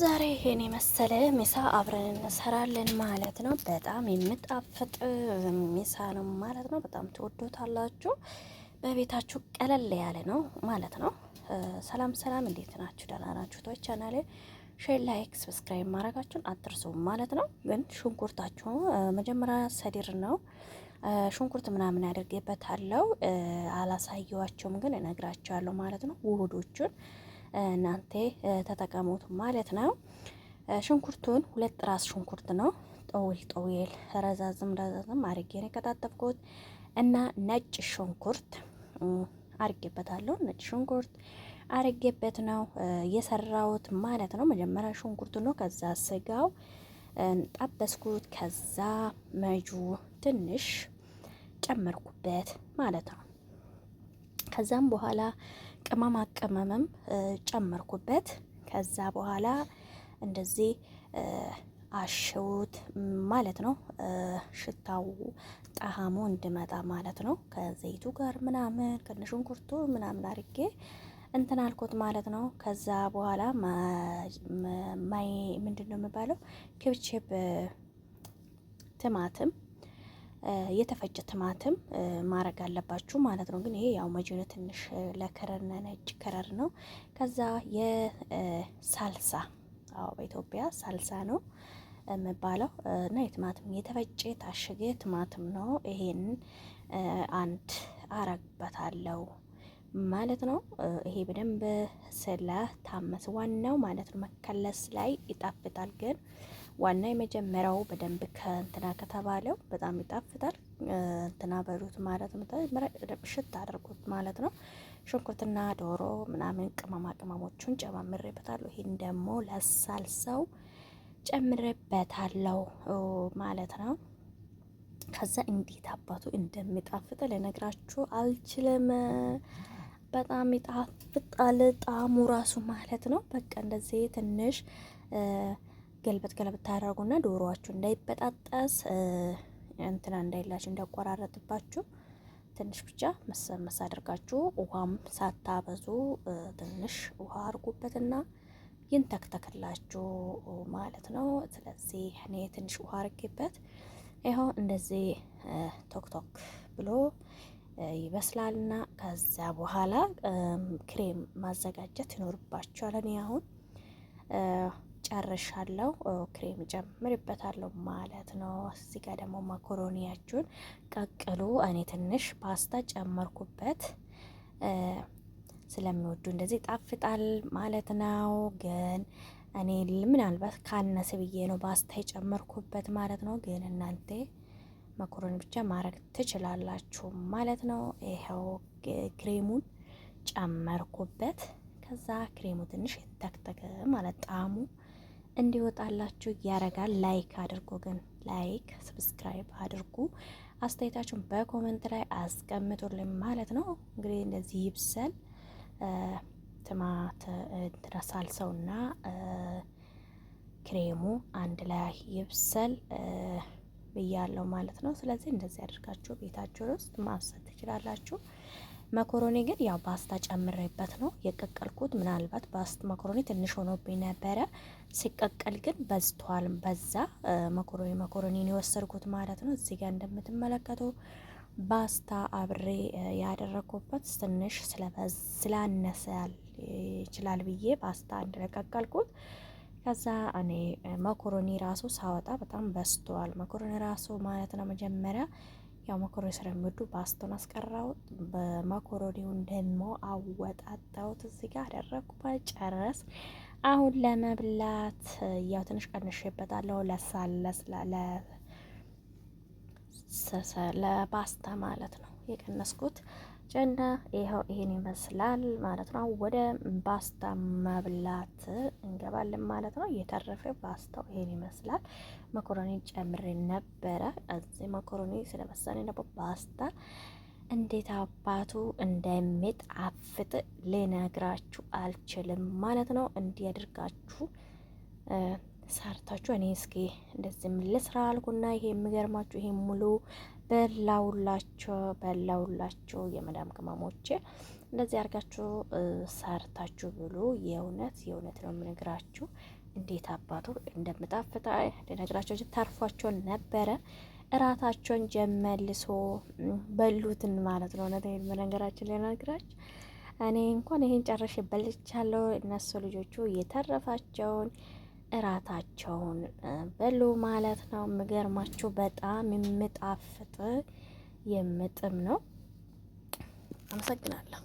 ዛሬ ይሄን የመሰለ ሚሳ አብረን እንሰራለን ማለት ነው። በጣም የምጣፍጥ ሚሳ ነው ማለት ነው። በጣም ትወዱታላችሁ። በቤታችሁ ቀለል ያለ ነው ማለት ነው። ሰላም ሰላም፣ እንዴት ናችሁ? ደህና ናችሁ? ቶች ቻናሌ ሼር፣ ላይክ፣ ሰብስክራይብ ማድረጋችሁን አትርሱ ማለት ነው። ግን ሽንኩርታችሁ መጀመሪያ ሰዲር ነው ሽንኩርት ምናምን ያደርግበታለው። አላሳየዋቸውም ግን እነግራቸዋለሁ ማለት ነው ውህዶቹን እናንተ ተጠቀሙት ማለት ነው። ሽንኩርቱን ሁለት ራስ ሽንኩርት ነው ጠውል ጠውል ረዛዝም ረዛዝም አርጌ የከታተፍኩት እና ነጭ ሽንኩርት አርጌበታለሁ። ነጭ ሽንኩርት አርጌበት ነው የሰራሁት ማለት ነው። መጀመሪያ ሽንኩርቱ ነው፣ ከዛ ስጋው ጣበስኩት፣ ከዛ መጁ ትንሽ ጨመርኩበት ማለት ነው። ከዛም በኋላ ቅመማ ቅመምም ጨመርኩበት። ከዛ በኋላ እንደዚህ አሽውት ማለት ነው። ሽታው ጣዕሙ እንድመጣ ማለት ነው። ከዘይቱ ጋር ምናምን ከነሽንኩርቱ ምናምን አድርጌ እንትን አልኩት ማለት ነው። ከዛ በኋላ ማይ ምንድን ነው የሚባለው ክብችብ ቲማቲም የተፈጨ ቲማቲም ማድረግ አለባችሁ ማለት ነው። ግን ይሄ ያው መጆነ ትንሽ ለከረርነ ነጭ ከረር ነው። ከዛ የሳልሳ አዎ፣ በኢትዮጵያ ሳልሳ ነው የምባለው እና የቲማቲም የተፈጨ የታሸገ ቲማቲም ነው። ይሄን አንድ አረግበታለው ማለት ነው። ይሄ በደንብ ስለ ታመስ ዋናው ማለት ነው መከለስ ላይ ይጣፍጣል ግን ዋና የመጀመሪያው በደንብ ከእንትና ከተባለው በጣም ይጣፍጣል። እንትና በሉት ማለት ነው፣ ሽት አድርጉት ማለት ነው። ሽንኩርትና ዶሮ ምናምን ቅመማ ቅመሞቹን ጨማምሬበታለሁ። ይህን ደግሞ ለሳልሳው ጨምሬበታለሁ ማለት ነው። ከዛ እንዴት አባቱ እንደሚጣፍጥ ልነግራችሁ አልችልም። በጣም ይጣፍጣል ጣሙ ራሱ ማለት ነው። በቃ እንደዚህ ትንሽ ገልበት ገለበት ታደረጉና ዶሮዋችሁ እንዳይበጣጠስ እንትና እንዳይላችሁ እንዳቆራረጥባችሁ ትንሽ ብቻ መሰመስ አድርጋችሁ ውሃም ሳታበዙ ትንሽ ውሃ አድርጉበትና ይንተክተክላችሁ ማለት ነው። ስለዚህ እኔ ትንሽ ውሃ አርጌበት ይኸው እንደዚህ ቶክቶክ ብሎ ይበስላልና ከዚያ በኋላ ክሬም ማዘጋጀት ይኖርባችኋል። እኔ አሁን ጨርሻለሁ። ክሬም ጨምርበታለሁ ማለት ነው። እዚህ ጋር ደግሞ ማኮሮኒያችሁን ቀቅሉ። እኔ ትንሽ ፓስታ ጨመርኩበት ስለሚወዱ እንደዚህ ጣፍጣል ማለት ነው። ግን እኔ ምናልባት ካነስ ብዬ ነው ፓስታ የጨመርኩበት ማለት ነው። ግን እናንተ መኮረኒ ብቻ ማድረግ ትችላላችሁ ማለት ነው። ይኸው ክሬሙን ጨመርኩበት። ከዛ ክሬሙ ትንሽ የተክተከ ማለት ጣዕሙ እንዲወጣላችሁ ያረጋል። ላይክ አድርጉ ግን ላይክ ሰብስክራይብ አድርጉ። አስተያየታችሁን በኮመንት ላይ አስቀምጡልኝ ማለት ነው። እንግዲህ እንደዚህ ይብሰል ትማት ሰውና ክሬሙ አንድ ላይ ይብሰል ብያለው ማለት ነው። ስለዚህ እንደዚህ አድርጋችሁ ቤታችሁ ውስጥ ማብሰል ትችላላችሁ። መኮሮኒ ግን ያው ፓስታ ጨምሬበት ነው የቀቀልኩት። ምናልባት ባስት መኮሮኒ ትንሽ ሆኖብኝ ነበረ፣ ሲቀቀል ግን በዝቷል። በዛ መኮሮኒ መኮሮኒ ነው የወሰድኩት ማለት ነው። እዚህ ጋር እንደምትመለከቱ ፓስታ አብሬ ያደረኩበት ትንሽ ስላነሰ ይችላል ብዬ ፓስታ እንደቀቀልኩት ከዛ እኔ መኮሮኒ ራሱ ሳወጣ በጣም በዝቷል። መኮሮኒ ራሱ ማለት ነው መጀመሪያ ያው መኮሮኒ ስለምወዱ ፓስቱን አስቀራሁት። በመኮሮኒውን ደግሞ አወጣጣሁት እዚህ ጋር አደረግኩበት። ጨረስ አሁን ለመብላት ያው ትንሽ ቀንሼበታለሁ። ለሳለስ ለፓስታ ማለት ነው የቀነስኩት። ጨና ይኸው ይሄን ይመስላል ማለት ነው። ወደ ባስታ መብላት እንገባለን ማለት ነው። የተረፈ ባስታው ይሄን ይመስላል። መኮረኒ ጨምሬ ነበረ እዚህ መኮረኒ ስለበሳኔ ደግሞ ባስታ እንዴት አባቱ እንደሚጣፍጥ ልነግራችሁ አልችልም ማለት ነው። እንዲህ ያድርጋችሁ ሰርታችሁ እኔ እስኪ እንደዚህ ልስራ አልኩና ይሄ የሚገርማችሁ ይሄ ሙሉ በላውላቸው በላውላቸው የመዳም ቅመሞች እንደዚህ አድርጋችሁ ሰርታችሁ ብሉ። የእውነት የእውነት ነው የምነግራችሁ። እንዴት አባቱ እንደምጣፍጣ ልነግራችሁ ተርፏቸውን ነበረ። እራታቸውን ጀመልሶ በሉትን ማለት ነው። እውነት መነገራችን ልነግራችሁ እኔ እንኳን ይህን ጨረሽ በልቻለሁ። እነሱ ልጆቹ የተረፋቸውን እራታቸውን በሉ ማለት ነው። የምገርማችሁ በጣም የምጣፍጥ የምጥም ነው። አመሰግናለሁ።